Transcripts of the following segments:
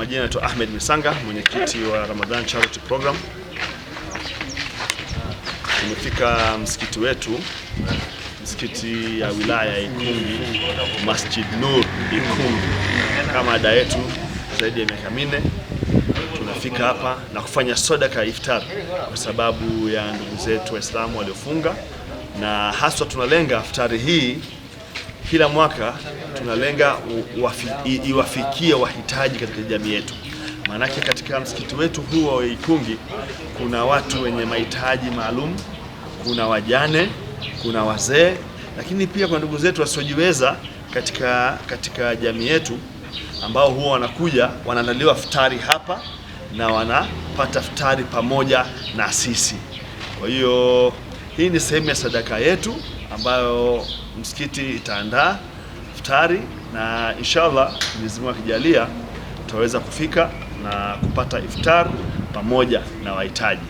majina yetu Ahmed Misanga, mwenyekiti wa Ramadan Charity Program. Tumefika msikiti wetu, msikiti ya wilaya ya Ikungi, Masjid Nur Ikungi, kama ada yetu zaidi ya miaka minne tunafika hapa na kufanya sadaka iftar kwa sababu ya ndugu zetu Waislamu waliofunga, na haswa tunalenga iftari hii kila mwaka tunalenga iwafikie wahitaji katika jamii yetu. Maanake katika msikiti wetu huu wa Ikungi kuna watu wenye mahitaji maalum, kuna wajane, kuna wazee, lakini pia kuna ndugu zetu wasiojiweza katika, katika jamii yetu ambao huwa wanakuja wanaandaliwa futari hapa na wanapata futari pamoja na sisi. Kwa hiyo hii ni sehemu ya sadaka yetu ambayo msikiti itaandaa iftari na inshallah Mwenyezi Mungu akijalia tutaweza kufika na kupata iftar pamoja na wahitaji.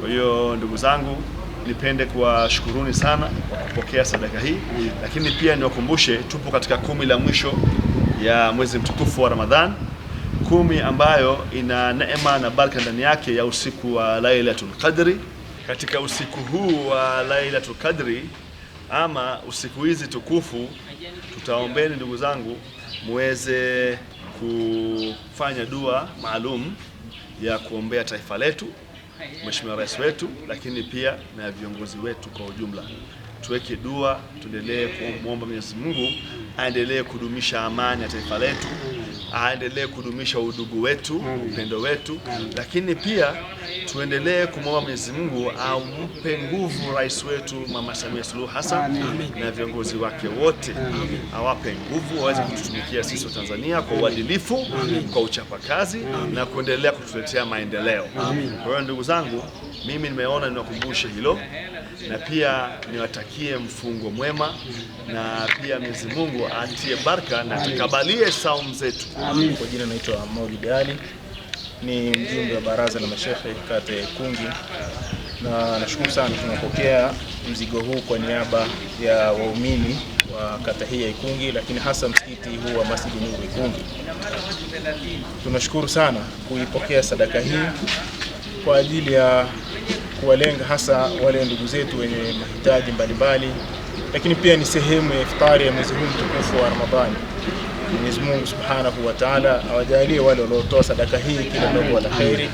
Kwa hiyo ndugu zangu, nipende kuwashukuruni sana kwa kupokea sadaka hii, lakini pia niwakumbushe tupo katika kumi la mwisho ya mwezi mtukufu wa Ramadhan, kumi ambayo ina neema na baraka ndani yake ya usiku wa Lailatul Qadri. Katika usiku huu wa Lailatul Qadri ama usiku hizi tukufu, tutaombeni ndugu zangu, muweze kufanya dua maalum ya kuombea taifa letu, Mheshimiwa Rais wetu, lakini pia na viongozi wetu kwa ujumla. Tuweke dua, tuendelee kumwomba Mwenyezi Mungu aendelee kudumisha amani ya taifa letu aendelee kudumisha udugu wetu, upendo wetu, lakini pia tuendelee kumwomba Mwenyezi Mungu ampe nguvu rais wetu Mama Samia Suluhu Hassan na viongozi wake wote, awape nguvu waweze kututumikia sisi wa Tanzania kwa uadilifu, kwa uchapakazi na kuendelea kutuletea maendeleo. Kwa hiyo ndugu zangu, mimi nimeona niwakumbushe hilo na pia niwatakie mfungo mwema, na pia Mwenyezi Mungu atie baraka na tukabalie saumu zetu. Kwa jina naitwa Maulid Ali, ni mjumbe wa baraza la mashehe kata ya Ikungi, na nashukuru sana tunapokea mzigo huu kwa niaba ya waumini wa kata hii ya Ikungi, lakini hasa msikiti huu wa Masjid Nuru Ikungi. Tunashukuru sana kuipokea sadaka hii kwa ajili ya kuwalenga hasa wale ndugu zetu wenye mahitaji mbalimbali, lakini pia ni sehemu ya iftari ya mwezi huu mtukufu wa Ramadhani. Mwenyezi Mungu Subhanahu wa Ta'ala awajalie wale waliotoa sadaka hii kila ndogo la kheri,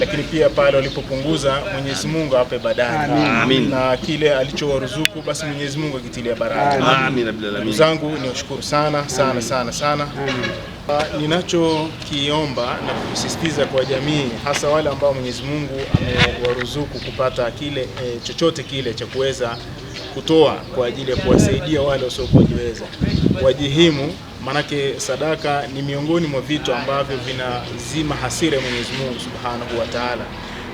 lakini pia pale walipopunguza Mwenyezi Mungu awape badali, na kile alichowaruzuku basi Mwenyezi Mungu akitilia baraka. Amin. Ndugu zangu niwashukuru sana sana sana sana. Amin. Ninachokiomba na kusisitiza kwa jamii, hasa wale ambao Mwenyezi Mungu amewaruzuku kupata kile e, chochote kile cha kuweza kutoa kwa ajili ya kuwasaidia wale wasiokujiweza wajihimu, manake sadaka ni miongoni mwa vitu ambavyo vinazima hasira ya Mwenyezi Mungu Subhanahu wa Ta'ala,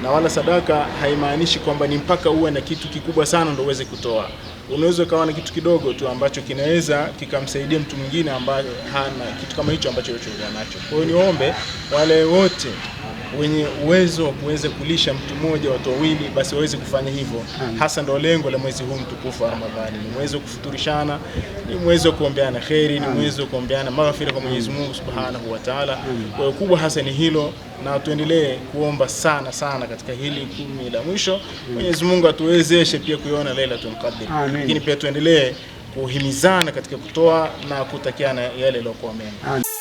na wala sadaka haimaanishi kwamba ni mpaka uwe na kitu kikubwa sana ndio uweze kutoa unaweza ukawa na kitu kidogo tu ambacho kinaweza kikamsaidia mtu mwingine ambaye hana kitu kama hicho ambacho wewe nacho Kwa hiyo niombe wale wote wenye uwezo wa kuweza kulisha mtu mmoja watu wawili, basi waweze kufanya hivyo. Hasa ndo lengo la mwezi huu mtukufu wa Ramadhani, ni mwezi wa kufuturishana, ni mwezi wa kuombeana kheri, ni mwezi wa kuombeana maghfira kwa Mwenyezi Mungu Subhanahu wa Ta'ala. Kwa hiyo kubwa hasa ni hilo, na tuendelee kuomba sana sana katika hili kumi la mwisho. Mwenyezi Mungu atuwezeshe pia kuiona Lailatul Qadr, lakini pia tuendelee kuhimizana katika kutoa na kutakiana yale yaliyokuwa mema.